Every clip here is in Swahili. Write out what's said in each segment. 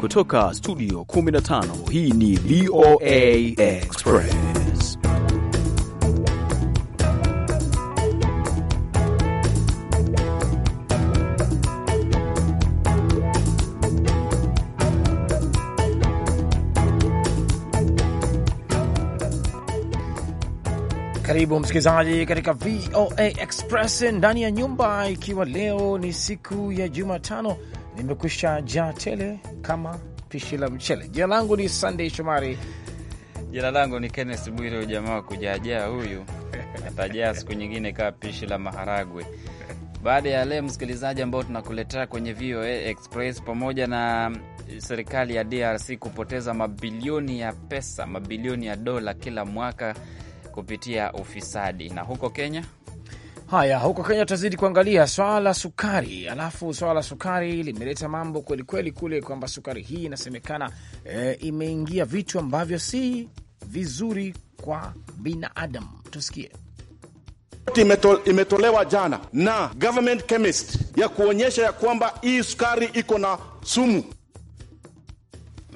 Kutoka studio 15 hii ni VOA Express. Karibu msikilizaji katika VOA Express ndani ya nyumba, ikiwa leo ni siku ya Jumatano nimekwisha ja tele kama pishi la mchele. Jina langu ni Sunday Shomari. Jina langu ni Kenneth Bwire. Huyu jamaa wa kujaajaa huyu atajaa siku nyingine kaa pishi la maharagwe. Baada ya leo, msikilizaji, ambao tunakuletea kwenye VOA Express, pamoja na serikali ya DRC kupoteza mabilioni ya pesa, mabilioni ya dola kila mwaka kupitia ufisadi, na huko Kenya Haya, huko Kenya tutazidi kuangalia swala la sukari. Alafu swala la sukari limeleta mambo kwelikweli kule, kwamba sukari hii inasemekana e, imeingia vitu ambavyo si vizuri kwa binadamu. Tusikie. Imetolewa jana na government chemist ya kuonyesha ya kwamba hii sukari iko na sumu.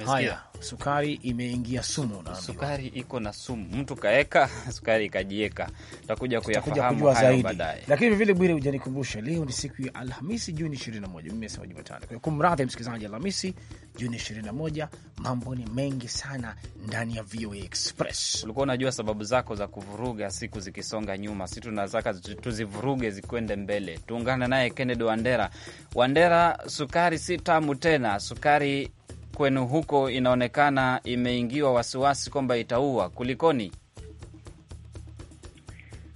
Haya, sukari imeingia sumu, na sukari iko na sumu, mtu kaeka sukari ikajieka. Tutakuja kuyafahamu hayo baadaye, lakini vivile Bwire, hujanikumbusha leo ni siku ya Alhamisi Juni 21. Mimi nimesema Jumatano, kwa hiyo kumradhi msikilizaji, Alhamisi Juni 21. Mambo ni mengi sana ndani ya VOA Express. Ulikuwa unajua sababu zako za kuvuruga siku zikisonga nyuma, si tunataka tuzivuruge zikwende mbele. Tuungane naye Kennedy Wandera. Wandera, sukari si tamu tena, sukari kwenu huko inaonekana imeingiwa wasiwasi kwamba itaua, kulikoni?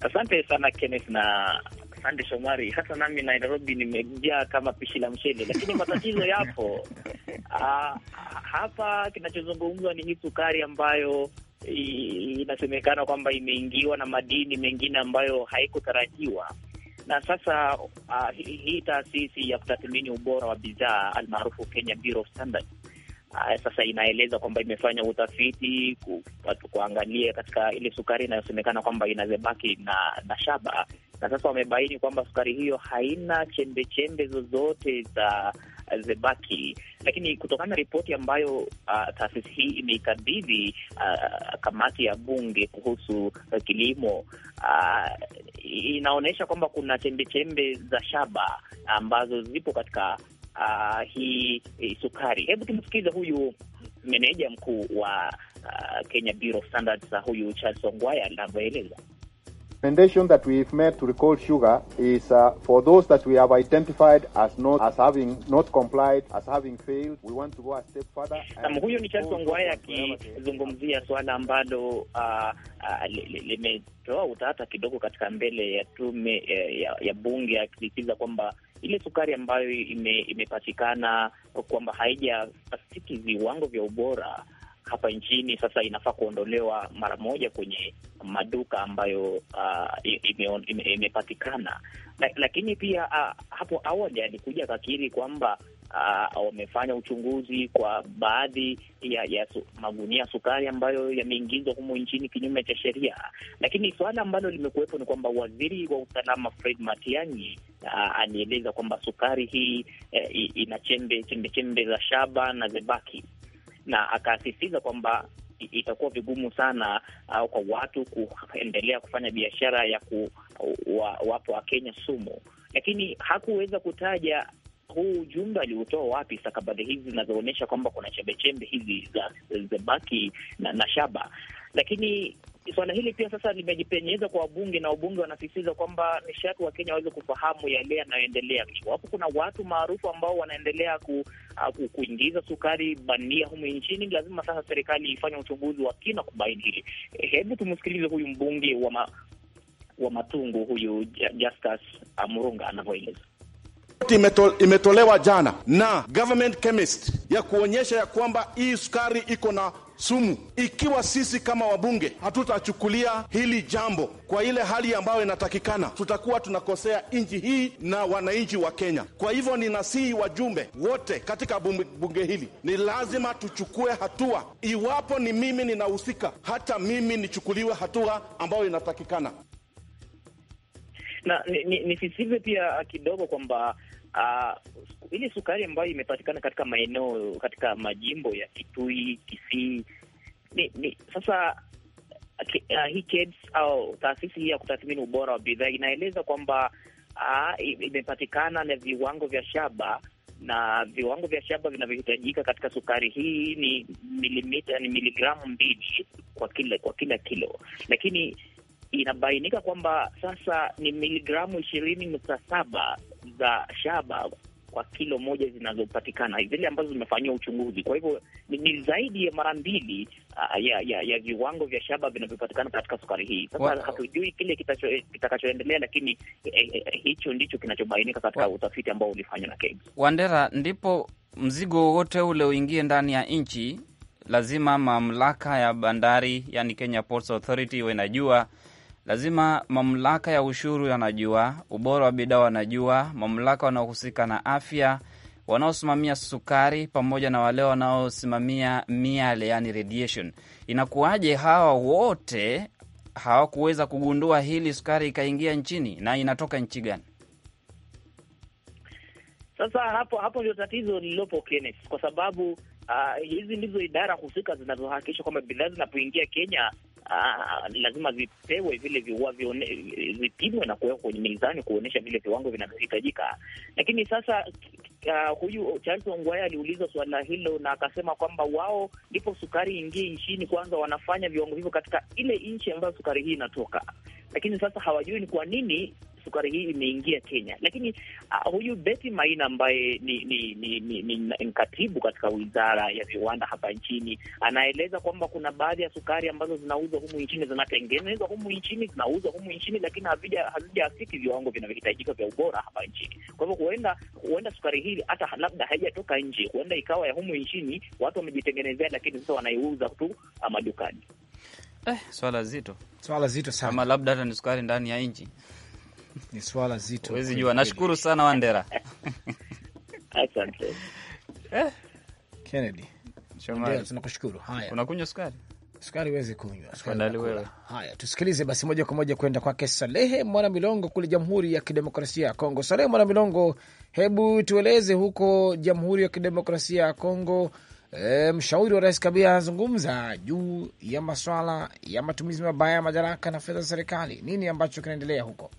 Asante sana Kenneth na Sande Shomari, hata nami na Nairobi nimejaa kama pishi la mchele, lakini matatizo yapo. Ah, hapa kinachozungumzwa ni hii sukari ambayo inasemekana kwamba imeingiwa na madini mengine ambayo haikutarajiwa na sasa uh, hii taasisi ya kutathmini ubora wa bidhaa almaarufu Kenya Bureau of Standards Ah, sasa inaeleza kwamba imefanya utafiti ku, watu kuangalia katika ile sukari inayosemekana kwamba inazebaki na, na shaba, na sasa wamebaini kwamba sukari hiyo haina chembe chembe zozote za zebaki lakini kutokana na ripoti ambayo uh, taasisi hii imeikabidhi uh, kamati ya bunge kuhusu uh, kilimo uh, inaonyesha kwamba kuna chembe chembe za shaba ambazo zipo katika uh, hii hi sukari. Hebu tumsikize huyu meneja mkuu wa uh, Kenya Bureau of Standards, uh, huyu Charles Ongwaya anavyoeleza recommendation that we've made to recall sugar is uh, for those that we have identified as not as having not complied as having failed we want to go a step further. ni Charles Ongwaya akizungumzia swala ambalo uh, uh, limetoa utata kidogo katika mbele ya tume eh, ya, ya bunge akisisitiza kwamba ile sukari ambayo ime, imepatikana kwamba haijafasiki viwango vya ubora hapa nchini sasa inafaa kuondolewa mara moja kwenye maduka ambayo uh, ime, ime, imepatikana. Lakini pia uh, hapo awali alikuja kakiri kwamba Uh, wamefanya uchunguzi kwa baadhi ya, ya su, magunia sukari ambayo yameingizwa humu nchini kinyume cha sheria. Lakini suala ambalo limekuwepo ni kwamba waziri wa usalama Fred Matiang'i uh, alieleza kwamba sukari hii eh, ina chembe chembe chembe za shaba na zebaki, na akasisitiza kwamba itakuwa vigumu sana au uh, kwa watu kuendelea kufanya biashara ya kuwapa Wakenya sumu, lakini hakuweza kutaja huu ujumbe aliotoa wapi? Stakabadhi hizi zinazoonyesha kwamba kuna chembechembe hizi za zebaki na, na shaba lakini suala hili pia sasa limejipenyeza kwa wabunge na wabunge wanasisitiza kwamba ni wa Wakenya waweze kufahamu yale yanayoendelea. Iwapo kuna watu maarufu ambao wanaendelea ku, ah, ku, kuingiza sukari bandia humu nchini, lazima sasa serikali ifanye uchunguzi wa kina kubaini hili. Hebu tumsikilize huyu mbunge wa, ma, wa Matungu, huyu Justus Murunga anavyoeleza imetolewa jana na government chemist ya kuonyesha ya kwamba hii sukari iko na sumu. Ikiwa sisi kama wabunge hatutachukulia hili jambo kwa ile hali ambayo inatakikana, tutakuwa tunakosea nchi hii na wananchi wa Kenya. Kwa hivyo ninasihi wajumbe wote katika bunge hili, ni lazima tuchukue hatua. Iwapo ni mimi ninahusika, hata mimi nichukuliwe hatua ambayo inatakikana na nisisitize ni, ni pia kidogo kwamba Uh, ile sukari ambayo imepatikana katika maeneo katika majimbo ya Kitui, Kisii ni, ni sasa uh, hii KEBS au taasisi hii ya kutathmini ubora wa bidhaa inaeleza kwamba uh, imepatikana na viwango vya shaba na viwango vya shaba vinavyohitajika katika sukari hii ni milimita, ni miligramu mbili kwa kila kwa kila kilo, lakini inabainika kwamba sasa ni miligramu ishirini nukta saba za shaba kwa kilo moja zinazopatikana zile ambazo zimefanyiwa uchunguzi. Kwa hivyo ni zaidi ya mara mbili uh, ya, ya, ya viwango vya shaba vinavyopatikana katika sukari hii. Sasa hatujui kile eh, kitakachoendelea, lakini eh, eh, eh, hicho ndicho kinachobainika katika wa, utafiti ambao ulifanywa na KEBS. Wandera, ndipo mzigo wowote ule uingie ndani ya nchi, lazima mamlaka ya bandari, yani Kenya Ports Authority, iwe inajua lazima mamlaka ya ushuru yanajua, ubora wa bidhaa wanajua, mamlaka wanaohusika na afya, wanaosimamia sukari, pamoja na wale wanaosimamia miale, yani radiation. Inakuwaje hawa wote hawakuweza kugundua hili, sukari ikaingia nchini na inatoka nchi gani? Sasa hapo hapo ndio tatizo lililopo Kenneth, kwa sababu uh, hizi ndizo idara husika zinazohakikisha kwamba bidhaa zinapoingia Kenya aa, ah, ah, ah, lazima vipewe vile viwa vipimwe na kuwekwa kwenye mizani kuonyesha vile viwango vinavyohitajika. Lakini sasa uh, huyu Charles Ongwae aliuliza suala hilo na akasema kwamba wao ndipo sukari ingie nchini kwanza, wanafanya viwango hivyo katika ile nchi ambayo sukari hii inatoka, lakini sasa hawajui ni kwa nini sukari hii imeingia Kenya. Lakini uh, huyu Betty Maina ambaye ni ni, ni, ni, ni katibu katika wizara ya viwanda hapa nchini anaeleza kwamba kuna baadhi ya sukari ambazo zinauzwa humu nchini, zinatengenezwa humu nchini, zinauzwa humu nchini, lakini hazijaafiki viwango vinavyohitajika vya ubora hapa nchini. Kwa hivyo huenda huenda sukari hili hata labda haijatoka nje, huenda ikawa ya humu nchini watu wamejitengenezea, lakini sasa wanaiuza tu ah, madukani. Eh, swala zito, swala zito sana, Ama labda hata ni sukari ndani ya nchi ni swala zito, huwezi jua. Nashukuru sana Wandera, asante eh. Kennedy, tunakushukuru. Haya, unakunywa sukari sukari huwezi kunywa. Haya, tusikilize basi moja kwa moja kwenda kwake Salehe Mwana Milongo kule Jamhuri ya Kidemokrasia ya Kongo. Salehe Mwana Milongo, hebu tueleze huko Jamhuri ya Kidemokrasia ya Kongo. E, mshauri wa rais Kabila anazungumza juu ya maswala ya matumizi mabaya ya madaraka na fedha za serikali. Nini ambacho kinaendelea huko?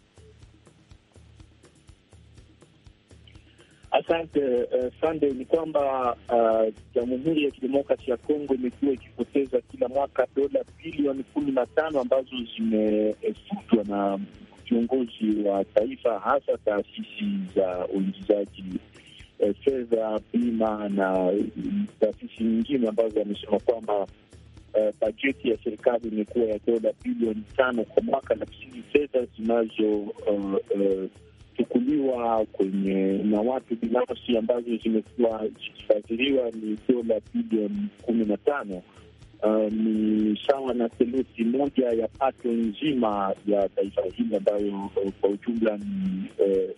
Asante uh, eh, Sande. Ni kwamba uh, Jamhuri ya Kidemokrasi ya Kongo imekuwa ikipoteza kila mwaka dola bilioni kumi na tano ambazo zimefutwa na viongozi wa taifa, hasa taasisi za uingizaji uh, fedha, bima na taasisi nyingine ambazo wamesema kwamba Uh, bajeti ya serikali imekuwa ya dola bilioni tano kwa mwaka, lakini fedha zinazo uh, uh, kuchukuliwa kwenye na watu binafsi ambazo zimekuwa zikifadhiliwa ni dola bilioni kumi na tano. Uh, ni sawa na theluthi moja ya pato nzima ya taifa hili ambayo eh, kwa ujumla ni eh,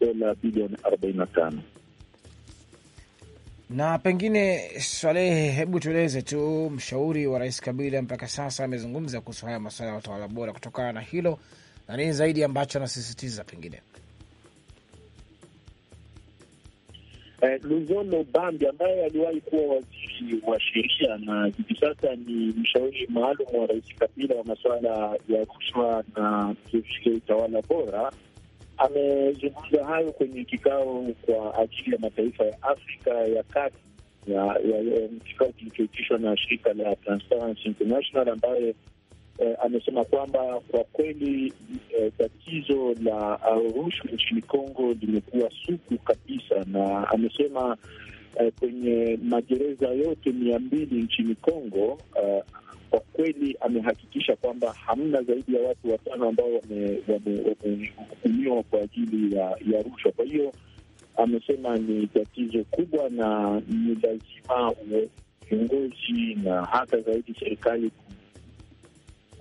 dola bilioni arobaini na tano. Na pengine Swalehe, hebu tueleze tu, mshauri wa Rais Kabila mpaka sasa amezungumza kuhusu haya masuala ya utawala bora. Kutokana na hilo, na nini zaidi ambacho anasisitiza pengine eh, Luzola Bambi ambaye aliwahi kuwa waziri wa sheria na hivi sasa ni mshauri maalum wa Rais Kabila wa masuala ya rushwa na vilevile utawala bora, amezungumza hayo kwenye kikao kwa ajili ya mataifa ya Afrika ya kati ya, ya, ya kikao kilichoitishwa na shirika la Transparency International ambaye eh, amesema kwamba kwa kweli eh, tatizo la eh, rushwa nchini Kongo limekuwa sugu kabisa, na amesema eh, kwenye magereza yote mia mbili nchini Kongo eh, kwa kweli amehakikisha kwamba hamna zaidi ya watu watano ambao wamehukumiwa kwa ajili ya, ya rushwa. Kwa hiyo amesema ni tatizo kubwa na ni lazima viongozi na hata zaidi serikali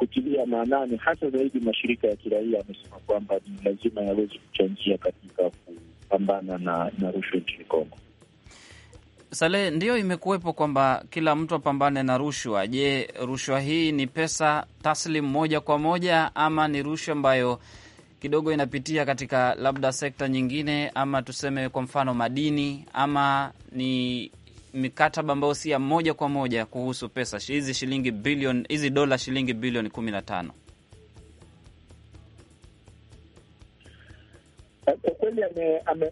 kutilia maanani hasa zaidi mashirika ya kiraia yamesema kwamba ni lazima yaweze kuchangia katika kupambana na, na rushwa nchini Kongo. Saleh, ndiyo imekuwepo kwamba kila mtu apambane na rushwa. Je, rushwa hii ni pesa taslim moja kwa moja ama ni rushwa ambayo kidogo inapitia katika labda sekta nyingine, ama tuseme kwa mfano madini, ama ni mikataba ambayo si ya moja kwa moja kuhusu pesa hizi shilingi bilioni hizi dola shilingi bilioni kumi na tano. Kwa kweli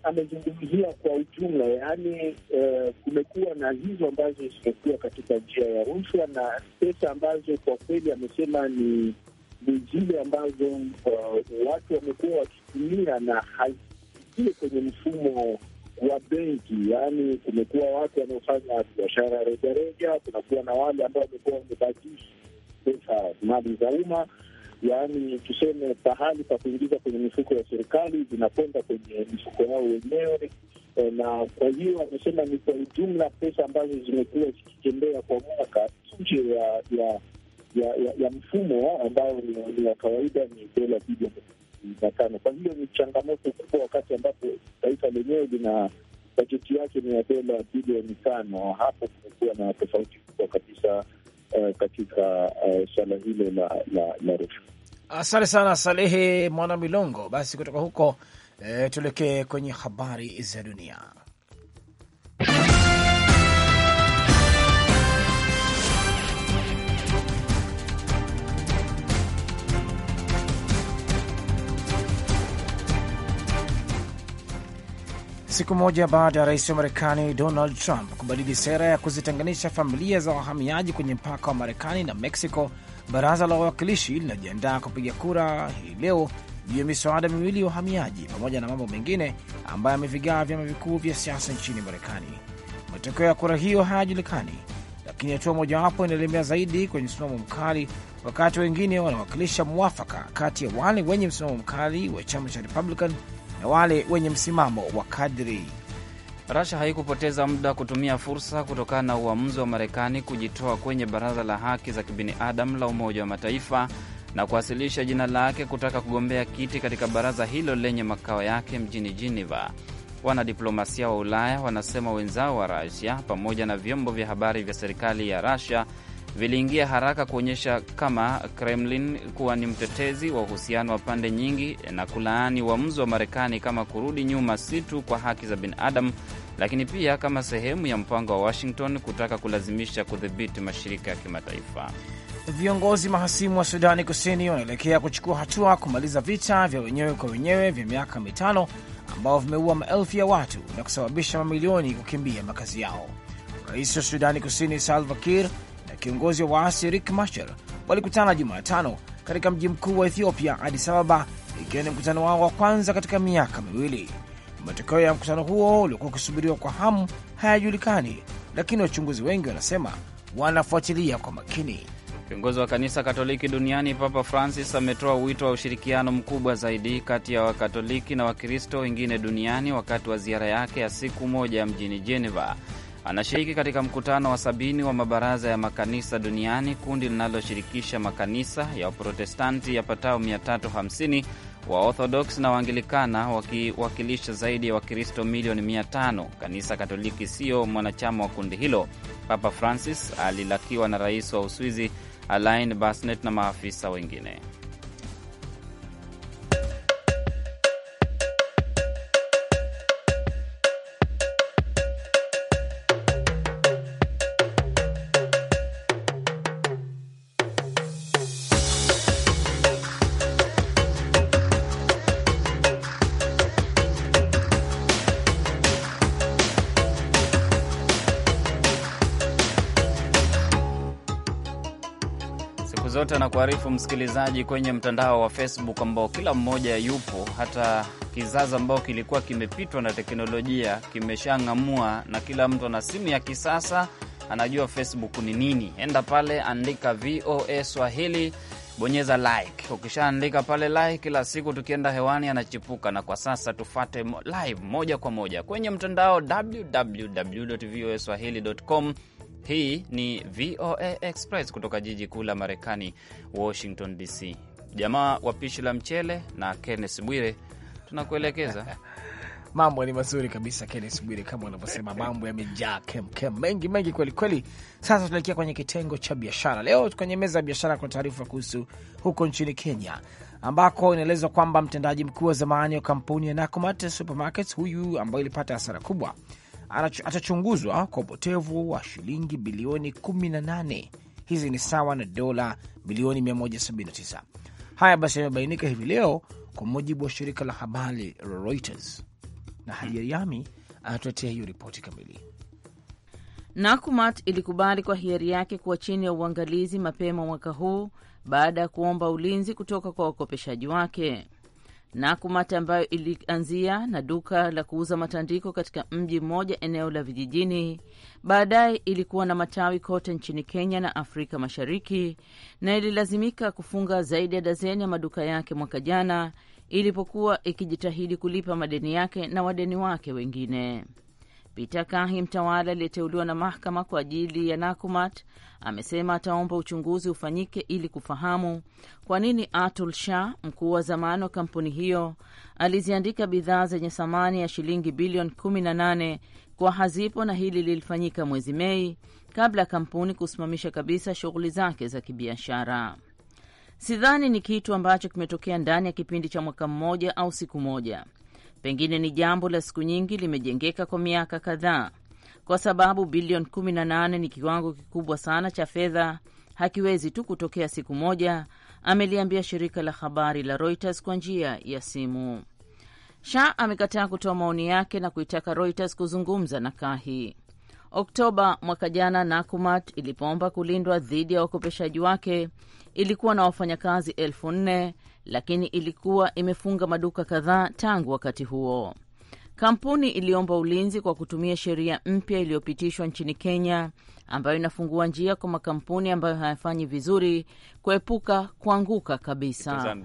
amezungumzia ame, kwa ujumla yaani, e, kumekuwa na hizo ambazo zimekuwa katika njia ya rushwa na pesa ambazo kwa kweli amesema ni ni zile ambazo uh, watu wamekuwa wakitumia na haziie kwenye mfumo wa benki, yaani kumekuwa watu wanaofanya biashara rejareja, kunakuwa na wale ambao wamekuwa wamebakishi pesa mali za umma, yaani tuseme pahali pa kuingiza kwenye mifuko ya serikali zinakwenda kwenye mifuko yao wenyewe. E, na kwa hiyo wamesema ni kwa ujumla pesa ambazo zimekuwa zikitembea kwa mwaka nje ya ya, ya ya mfumo ambao ni wa kawaida ni dola bilioni mpakano. Kwa hiyo ni changamoto kubwa, wakati ambapo taifa lenyewe lina bajeti yake ni ya dola bilioni tano. Hapo kumekuwa na tofauti kubwa kabisa uh, katika uh, eh, suala hilo la, la, la rushwa. Asante sana Salehe Mwana Milongo. Basi kutoka huko eh, tuelekee kwenye habari za dunia. siku moja baada ya rais wa Marekani Donald Trump kubadili sera ya kuzitenganisha familia za wahamiaji kwenye mpaka wa Marekani na Meksiko, baraza la wawakilishi linajiandaa kupiga kura hii leo juu ya miswada miwili ya wahamiaji pamoja na mambo mengine ambayo amevigaa vyama vikuu vya siasa nchini Marekani. Matokeo ya kura hiyo hayajulikani, lakini hatua mojawapo inaelemea zaidi kwenye msimamo mkali, wakati wengine wanawakilisha mwafaka kati ya wale wenye msimamo mkali wa chama cha Republican na wale wenye msimamo wa kadri. Rasha haikupoteza muda kutumia fursa kutokana na uamuzi wa Marekani kujitoa kwenye Baraza la Haki za Kibinadamu la Umoja wa Mataifa na kuwasilisha jina lake kutaka kugombea kiti katika baraza hilo lenye makao yake mjini Geneva. Wanadiplomasia wa Ulaya wanasema wenzao wa Rasia pamoja na vyombo vya habari vya serikali ya Rasia viliingia haraka kuonyesha kama Kremlin kuwa ni mtetezi wa uhusiano wa pande nyingi na kulaani uamuzi wa Marekani kama kurudi nyuma si tu kwa haki za binadamu, lakini pia kama sehemu ya mpango wa Washington kutaka kulazimisha kudhibiti mashirika ya kimataifa. Viongozi mahasimu wa Sudani Kusini wanaelekea kuchukua hatua kumaliza vita vya wenyewe kwa wenyewe vya miaka mitano ambao vimeua maelfu ya watu na kusababisha mamilioni kukimbia makazi yao. Rais wa Sudani Kusini Salva Kiir na kiongozi wa waasi rik Machar walikutana Jumatano katika mji mkuu wa Ethiopia, Adis Ababa, ikiwa ni mkutano wao wa kwanza katika miaka miwili. Matokeo ya mkutano huo uliokuwa ukisubiriwa kwa hamu hayajulikani, lakini wachunguzi wengi wanasema wanafuatilia kwa makini. Kiongozi wa kanisa Katoliki duniani Papa Francis ametoa wito wa ushirikiano mkubwa zaidi kati ya Wakatoliki na Wakristo wengine duniani wakati wa ziara yake ya siku moja mjini Jeneva anashiriki katika mkutano wa sabini wa mabaraza ya makanisa duniani, kundi linaloshirikisha makanisa ya Waprotestanti yapatao 350 wa na Waangilikana wakiwakilisha zaidi ya Wakristo milioni 500. Kanisa Katoliki siyo mwanachama wa kundi hilo. Papa Francis alilakiwa na rais wa Uswizi Alain basnet na maafisa wengine. siku zote na msikilizaji kwenye mtandao wa Facebook ambao kila mmoja yupo, hata kizazi ambao kilikuwa kimepitwa na teknolojia kimeshang'amua, na kila mtu ana simu ya kisasa, anajua Facebook ni nini. Enda pale, andika VOA Swahili, bonyeza like. Ukishaandika pale like, kila siku tukienda hewani anachipuka. Na kwa sasa tufate live moja kwa moja kwenye mtandao www voa swahili.com hii ni VOA Express kutoka jiji kuu la Marekani, Washington DC. Jamaa wa pishi la mchele na Kenneth Bwire tunakuelekeza mambo ni mazuri kabisa, Kenneth Bwire, kama unavyosema, mambo yamejaa kemkem, mengi mengi kweli kweli. Sasa tunaelekea kwenye kitengo cha biashara. Leo kwenye meza ya biashara kuna taarifa kuhusu huko nchini Kenya, ambako inaelezwa kwamba mtendaji mkuu wa zamani wa kampuni ya Nakumatt Supermarkets, huyu ambayo ilipata hasara kubwa atachunguzwa kwa upotevu wa shilingi bilioni 18. Hizi ni sawa na dola bilioni 179. Haya basi yamebainika hivi leo kwa mujibu wa shirika la habari Reuters, na Hadiariami anatuletea hiyo ripoti kamili. Nakumat ilikubali kwa hiari yake kuwa chini ya uangalizi mapema mwaka huu baada ya kuomba ulinzi kutoka kwa wakopeshaji wake. Nakumat ambayo ilianzia na duka la kuuza matandiko katika mji mmoja eneo la vijijini, baadaye ilikuwa na matawi kote nchini Kenya na Afrika Mashariki, na ililazimika kufunga zaidi ya dazeni ya maduka yake mwaka jana ilipokuwa ikijitahidi kulipa madeni yake na wadeni wake wengine. Peter Kahi, mtawala aliyeteuliwa na mahakama kwa ajili ya Nakumat, amesema ataomba uchunguzi ufanyike ili kufahamu kwa nini Atul Shah, mkuu wa zamani wa kampuni hiyo, aliziandika bidhaa zenye thamani ya shilingi bilioni 18 kwa hazipo, na hili lilifanyika mwezi Mei kabla ya kampuni kusimamisha kabisa shughuli zake za kibiashara. Sidhani ni kitu ambacho kimetokea ndani ya kipindi cha mwaka mmoja au siku moja pengine ni jambo la siku nyingi, limejengeka kwa miaka kadhaa, kwa sababu bilioni 18 ni kiwango kikubwa sana cha fedha, hakiwezi tu kutokea siku moja, ameliambia shirika la habari la Reuters kwa njia ya simu. sha amekataa kutoa maoni yake na kuitaka Reuters kuzungumza na Kahi. Oktoba mwaka jana, Nakumat ilipoomba kulindwa dhidi ya wakopeshaji wake ilikuwa na wafanyakazi elfu nne lakini ilikuwa imefunga maduka kadhaa tangu wakati huo. Kampuni iliomba ulinzi kwa kutumia sheria mpya iliyopitishwa nchini Kenya ambayo inafungua njia kwa makampuni ambayo hayafanyi vizuri kuepuka kuanguka kabisa.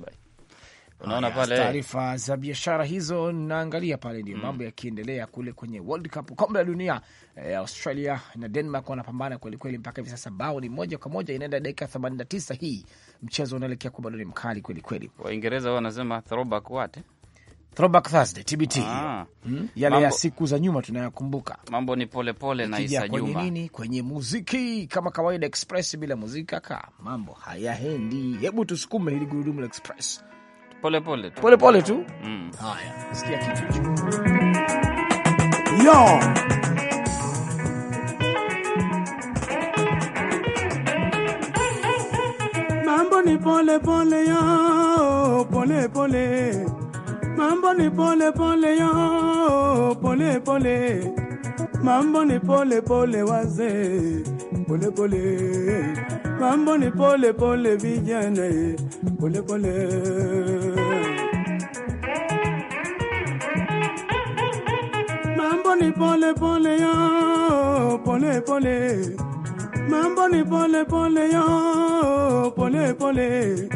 Unaona pale taarifa za biashara hizo, naangalia pale ndio mm. mambo mm, yakiendelea kule kwenye World Cup, kombe la dunia. E, Australia na Denmark wanapambana kwelikweli mpaka hivi sasa, bao ni moja kwa moja, inaenda dakika 89 hii mchezo unaelekea kuwa bado ni mkali kweli kweli. Waingereza wao wanasema throwback what? Throwback Thursday TBT, ah, hmm? Yale mambo ya siku za nyuma tunayakumbuka. Mambo ni pole pole na Isa Juma. Kwenye nini? Kwenye muziki kama kawaida, Express bila muziki ka mambo hayaendi. Hebu tusukume hili gurudumu la Express pole pole tu, pole pole tu. Mm. Haya, sikia kitu yo ni pole pole yo, pole pole. Mambo ni pole pole yo, pole pole. Mambo ni pole pole wazee, pole pole. Mambo ni pole pole vijana, pole pole. Mambo ni pole pole yo, pole pole. Mambo ni pole pole yo, pole pole.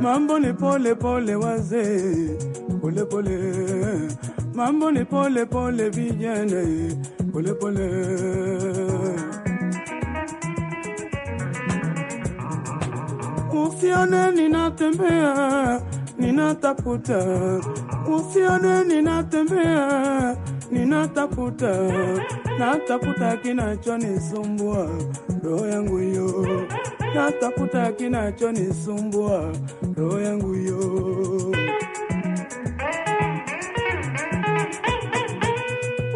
Mambo ni pole pole wazee, pole pole. Mambo ni pole pole vijana, pole pole. Usione ninatembea, ninatafuta. Usione ninatembea ninatafuta natafuta kinachonisumbua roho yangu yo, natafuta kinachonisumbua roho yangu yo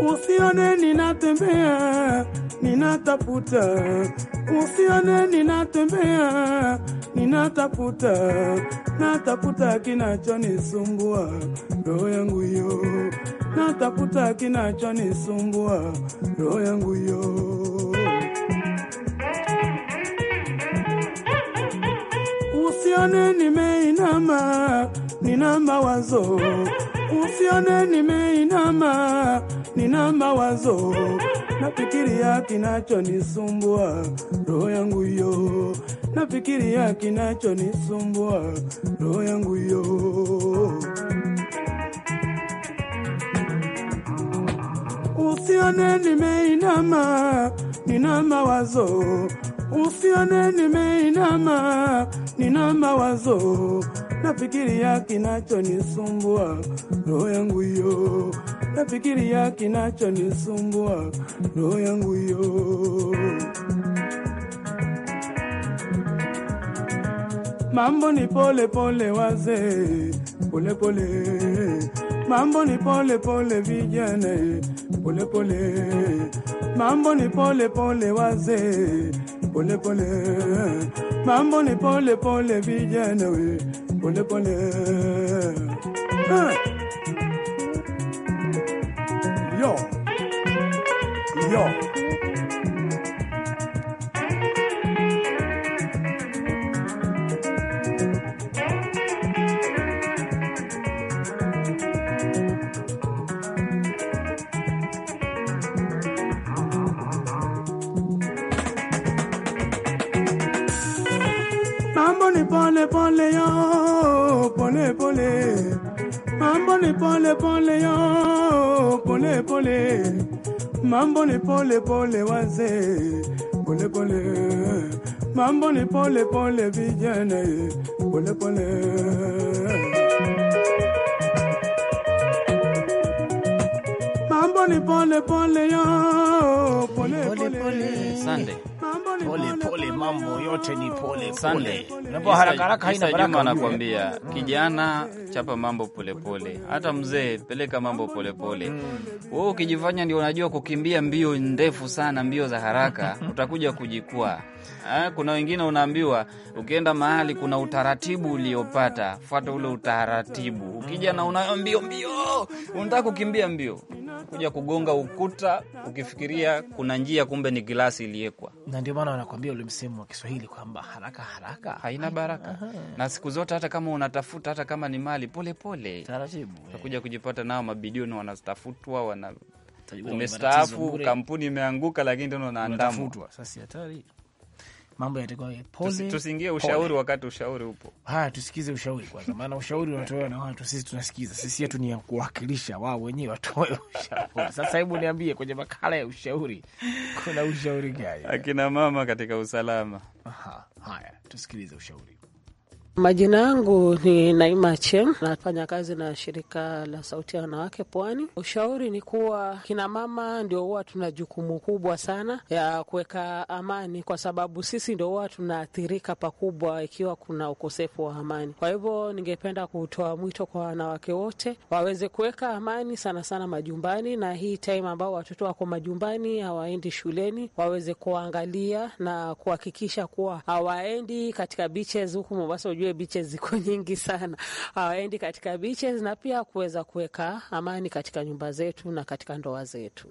Usione ninatembea, ninatafuta. Usione ninatembea, nataputa Natafuta kinachonisumbua roho yangu hiyo. Natafuta kinachonisumbua roho yangu hiyo. Usione nimeinama, nina mawazo usione nimeinama, nina mawazo nafikiria kinachonisumbua roho yangu hiyo, nafikiria kinachonisumbua roho yangu hiyo. Usione nimeinama, nina mawazo Usione nimeinama, nina mawazo, nafikiria kinachonisumbua roho yangu hiyo, nafikiria kinachonisumbua roho yangu hiyo. Mambo ni pole pole, wazee pole pole, mambo ni pole pole, vijana pole pole, mambo ni pole pole, wazee pole pole mambo ni pole pole vijana we pole pole ah. yo yo Mambo ni pole pole yo, pole pole. Mambo ni pole pole wazee, pole pole. Mambo ni pole pole vijana, pole pole. Mambo ni pole pole yo, pole pole. Pole pole. Sande pole pole, mambo oh. yote ni pole pole. Unapo haraka haraka haina baraka, anakuambia kijana, chapa mambo pole pole, hata mzee peleka mambo pole pole. Wewe ukijifanya ndio unajua kukimbia mbio ndefu sana, mbio za haraka, utakuja kujikwaa. Eh, kuna wengine unaambiwa ukienda mahali kuna utaratibu uliopata, fuata ule utaratibu. Ukija na unayo mbio mbio, unataka kukimbia mbio, kuja kugonga ukuta, ukifikiria kuna njia, kumbe ni gilasi iliyekwa. Na ndio maana wanakwambia ule msemo wa Kiswahili kwamba haraka haraka haina baraka. Aha. Na siku zote hata kama unatafuta, hata kama ni mali, pole taratibu eh. utakuja kujipata nao mabilioni wanatafutwa, wana umestaafu, kampuni imeanguka, lakini tena unaandamwa. Sasa hatari mambo yatakuwa pole. Tusiingie ushauri wakati ushauri upo. Haya, tusikize ushauri kwanza, maana ushauri unatolewa na watu, sisi tunasikiza. Sisi yetu ni ya kuwakilisha wao wenyewe watoe ushauri. Sasa hebu niambie, kwenye makala ya ushauri kuna ushauri gani akina mama katika usalama? Aha, haya tusikilize ushauri. Majina yangu ni Naima Chem, nafanya kazi na shirika la Sauti ya Wanawake Pwani. Ushauri ni kuwa kina mama ndio huwa tuna jukumu kubwa sana ya kuweka amani, kwa sababu sisi ndio huwa tunaathirika pakubwa ikiwa kuna ukosefu wa amani. Kwa hivyo, ningependa kutoa mwito kwa wanawake wote waweze kuweka amani sana sana majumbani, na hii time ambao watoto wako majumbani hawaendi shuleni, waweze kuangalia na kuhakikisha kuwa hawaendi katika beaches huku Mombasa. Ujue Unajua beaches ziko nyingi sana, hawaendi katika biche na pia kuweza kuweka amani katika nyumba zetu na katika ndoa zetu.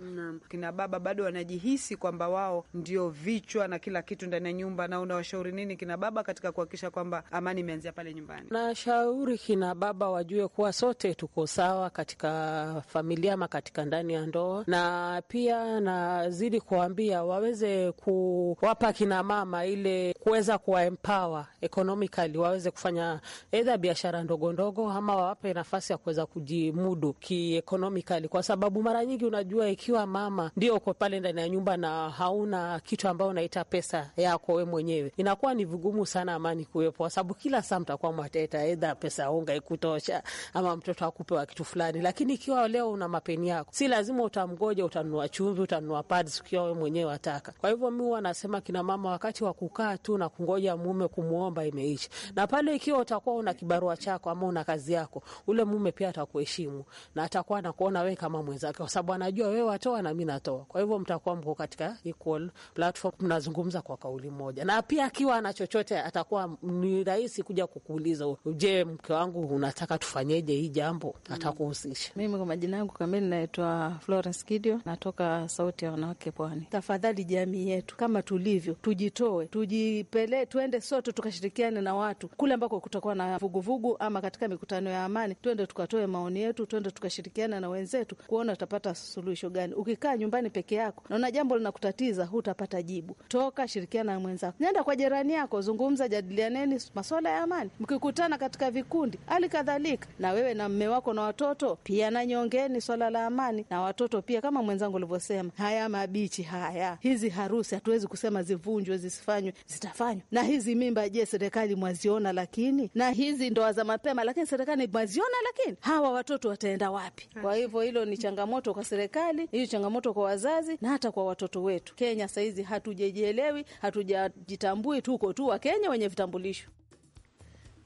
kina baba bado wanajihisi kwamba wao ndio vichwa na kila kitu ndani ya nyumba. Na unawashauri nini kina baba katika kuhakikisha kwamba amani imeanzia pale nyumbani? Nashauri kina baba wajue kuwa sote tuko sawa katika familia ama katika ndani ya ndoa, na pia nazidi kuwaambia waweze kuwapa kina mama ile kuweza kuwaempower economically waweze kufanya edha biashara ndogo ndogo, ama wawape nafasi ya kuweza kujimudu kiekonomikali, kwa sababu mara nyingi unajua, ikiwa mama ndio uko pale ndani ya nyumba na hauna kitu ambayo unaita pesa yako we mwenyewe, inakuwa ni vigumu sana amani kuwepo, kwa sababu kila saa mtakuwa mwateta edha pesa unga ikutosha, ama mtoto akupewa kitu fulani. Lakini ikiwa leo una mapeni yako, si lazima utamgoja, utanunua chumvi, utanunua pads ukiwa we mwenyewe wataka. Kwa hivyo mi huwa nasema kinamama, wakati wa kukaa tu na kungoja mume kumwomba imeisha na pale ikiwa utakuwa una kibarua chako ama una kazi yako, ule mume pia atakuheshimu na atakuwa anakuona wewe kama mwenzake, kwa sababu anajua wewe watoa na mimi natoa. Kwa hivyo mtakuwa mko katika equal platform, mnazungumza kwa kauli moja, na pia akiwa ana chochote atakuwa ni rahisi kuja kukuuliza, je, mke wangu unataka tufanyeje hii jambo? Mm. Atakuhusisha. Mimi kwa majina yangu kamili naitwa Florence Kidio, natoka Sauti ya Wanawake Pwani. Tafadhali jamii yetu kama tulivyo, tujitoe, tujipele, tuende sote tukashirikiane na watu kule ambako kutakuwa na vuguvugu vugu, ama katika mikutano ya amani, twende tukatoe maoni yetu, twende tukashirikiana na wenzetu kuona tutapata suluhisho gani. Ukikaa nyumbani peke yako, naona jambo linakutatiza, hutapata jibu. Toka, shirikiana na mwenzako, nenda kwa jirani yako, zungumza, jadilianeni masuala ya amani. Mkikutana katika vikundi, hali kadhalika na wewe na mme wako na watoto pia, nanyongeni swala la amani na watoto pia, kama mwenzangu ulivyosema, haya mabichi haya, hizi harusi hatuwezi kusema zivunjwe, zisifanywe, zitafanywa. Na hizi mimba, je, serikali mwaziona? mnaziona, lakini na hizi ndoa za mapema, lakini serikali maziona, lakini hawa watoto wataenda wapi? Kwa hivyo hilo ni changamoto kwa serikali, hiyo changamoto kwa wazazi na hata kwa watoto wetu. Kenya sahizi hatujajielewi, hatujajitambui, tuko tu Wakenya wenye vitambulisho.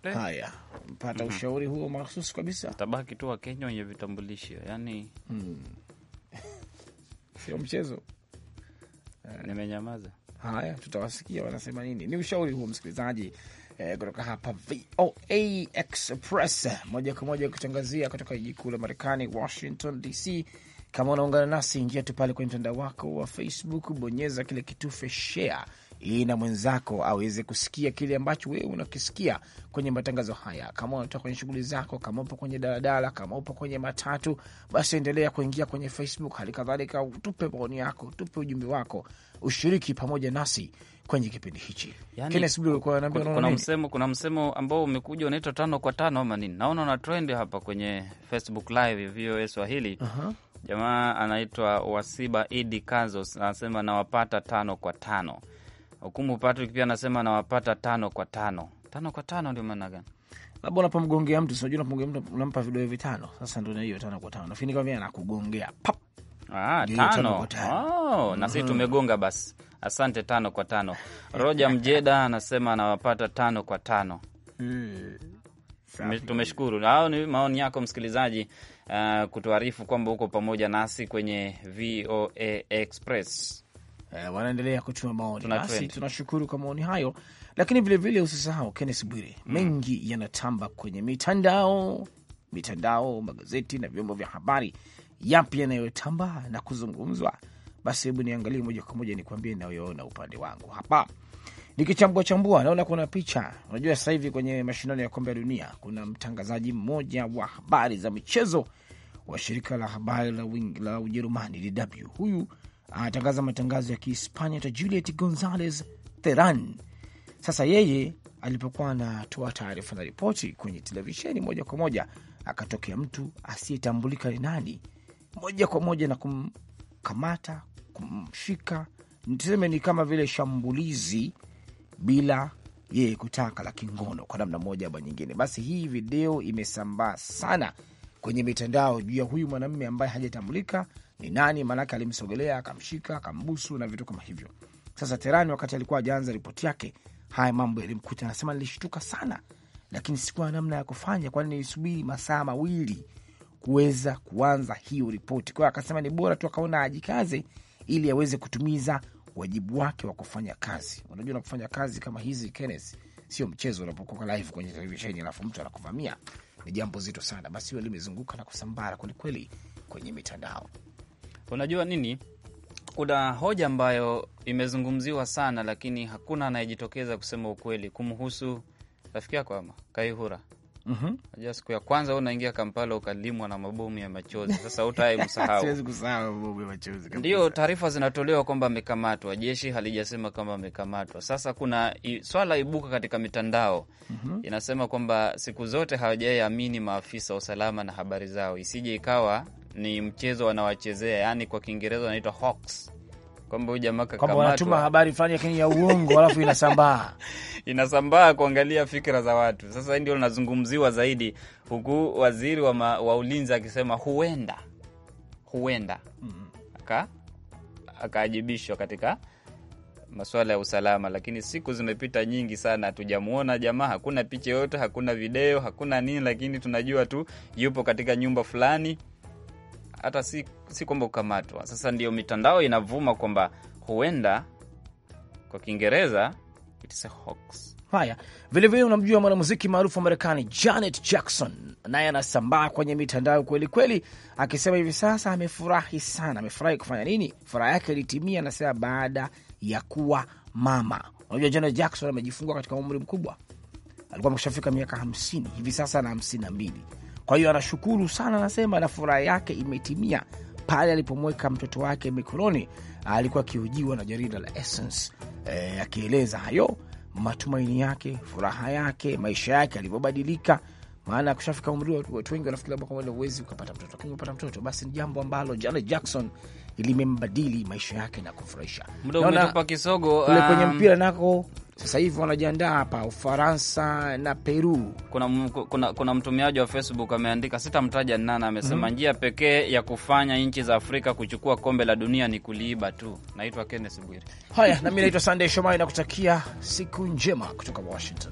Eh? Haya, mpata mhm. ushauri huo mahususi kabisa, tabaki tu Wakenya wenye vitambulisho yani hmm. Sio mchezo. Nimenyamaza. Haya, tutawasikia wanasema nini. Ni ushauri huo, msikilizaji, Eh, kutoka hapa VOA Express moja kwa moja kutangazia kutoka jiji kuu la Marekani, Washington DC. Kama unaungana nasi, ingia tu pale kwenye mtandao wako wa Facebook, bonyeza kile kitufe share ili na mwenzako aweze kusikia kile ambacho wewe unakisikia kwenye matangazo haya. Kama unatoka kwenye shughuli zako, kama upo kwenye daladala, kama upo kwenye matatu, basi endelea kuingia kwenye Facebook. Hali kadhalika, tupe maoni yako, tupe ujumbe wako, ushiriki pamoja nasi kwenye kipindi hichi. Yani, kuna msemo, kuna msemo ambao umekuja unaitwa tano kwa tano ama nini? Naona una trend hapa kwenye Facebook Live VOA Swahili. uh -huh. Jamaa anaitwa Wasiba Idi Kazos anasema nawapata tano kwa tano Hukumu Patrick pia anasema anawapata tano kwa tano. Tano kwa tano ndio maana gani? Labda unapomgongea mtu, sinajua unapomgongea mtu unampa vidole vitano. Sasa ndio hiyo tano kwa tano, nafikiri kama vile anakugongea pap. Ah, tano. Oh, na sisi tumegonga basi. Asante, tano kwa tano. Roja Mjeda anasema anawapata tano kwa tano. Hmm. Tumeshukuru. Hao ni maoni yako msikilizaji, uh, kutuarifu kwamba uko pamoja nasi kwenye VOA Express eh, wanaendelea kutuma maoni, basi tunashukuru kwa maoni hayo, lakini vilevile usisahau Kenneth Bwire mm. mengi yanatamba kwenye mitandao mitandao, magazeti na vyombo vya habari, yapi yanayotamba na kuzungumzwa. Basi hebu niangalie moja kwa moja nikuambie inayoona upande wangu hapa nikichambua chambua, naona kuna picha. Unajua, sasa hivi kwenye mashindano ya kombe ya dunia kuna mtangazaji mmoja wa habari za michezo wa shirika la habari la, la Ujerumani DW. Huyu anatangaza matangazo ya Kihispania ta Juliet Gonzalez Theran. Sasa yeye alipokuwa anatoa taarifa na ripoti kwenye televisheni moja kwa moja, akatokea mtu asiyetambulika ni nani, moja kwa moja na kumkamata, kumshika, tuseme ni kama vile shambulizi bila yeye kutaka la kingono kwa namna moja ama nyingine. Basi hii video imesambaa sana kwenye mitandao juu ya huyu mwanamume ambaye hajatambulika ni nani, maanake alimsogelea akamshika akambusu na vitu kama hivyo. Sasa Terani, wakati alikuwa ajaanza ripoti yake, haya mambo yalimkuta, anasema nilishtuka sana, lakini sikuwa namna ya kufanya, kwani nilisubiri masaa mawili kuweza kuanza hiyo ripoti. Kwa hiyo akasema ni bora tu akaona ajikaze ili aweze kutumiza wajibu wake wa kufanya kazi. Unajua, unapofanya kazi kama hizi Kenneth, sio mchezo. Unapokuwa live kwenye televisheni alafu mtu anakuvamia ni jambo zito sana. Basi hiyo limezunguka na kusambara kwelikweli kwenye mitandao. Unajua nini, kuna hoja ambayo imezungumziwa sana, lakini hakuna anayejitokeza kusema ukweli kumhusu rafiki yako ama Kaihura. Mm -hmm. siku ya kwanza unaingia Kampala ukalimwa na mabomu ya machozi. Sasa utaye msahau. Siwezi kusahau mabomu ya machozi Ndio taarifa zinatolewa kwamba amekamatwa, jeshi halijasema kama amekamatwa. Sasa kuna swala ibuka katika mitandao mm -hmm. inasema kwamba siku zote hawajaamini maafisa wa usalama na habari zao, isije ikawa ni mchezo wanawachezea, yani kwa Kiingereza wanaitwa hoax, kwamba huyu jamaa wanatuma habari fulani lakini ya uongo alafu inasambaa inasambaa kuangalia fikra za watu. Sasa ndio linazungumziwa zaidi, huku waziri wa, ma, wa ulinzi akisema huenda huenda mm-hmm. akaajibishwa aka katika masuala ya usalama, lakini siku zimepita nyingi sana, tujamuona jamaa. Hakuna picha yoyote, hakuna video, hakuna nini, lakini tunajua tu yupo katika nyumba fulani hata si, si kwamba kukamatwa. Sasa ndio mitandao inavuma kwamba huenda kwa Kiingereza a hoax. Haya, vilevile, unamjua mwanamuziki maarufu wa Marekani Janet Jackson, naye anasambaa kwenye mitandao kweli kweli, akisema hivi sasa amefurahi sana. Amefurahi kufanya nini? Furaha yake ilitimia, anasema baada ya kuwa mama. Unajua Janet Jackson amejifungua katika umri mkubwa, alikuwa ameshafika miaka hamsini, hivi sasa ana hamsini na mbili. Kwa hiyo anashukuru sana, anasema na furaha yake imetimia pale alipomweka mtoto wake mikononi. Alikuwa akihojiwa na jarida la Essence e, akieleza hayo matumaini yake, furaha yake, maisha yake alivyobadilika. Maana kushafika umri, watu wengi wanafikiri kwamba uwezi ukapata mtoto, lakini ukapata mtoto basi ni jambo ambalo Janet Jackson limembadili maisha yake na kufurahisha. umetupa kisogo kule kwenye um, mpira nako sasa hivi wanajiandaa hapa Ufaransa na Peru. Kuna, kuna, kuna mtumiaji wa Facebook ameandika, sitamtaja nana, amesema mm -hmm. njia pekee ya kufanya nchi za Afrika kuchukua kombe la dunia ni kuliiba tu. Naitwa Kenneth Bwire. Haya, nami naitwa sandey Shomari na kutakia siku njema kutoka Washington.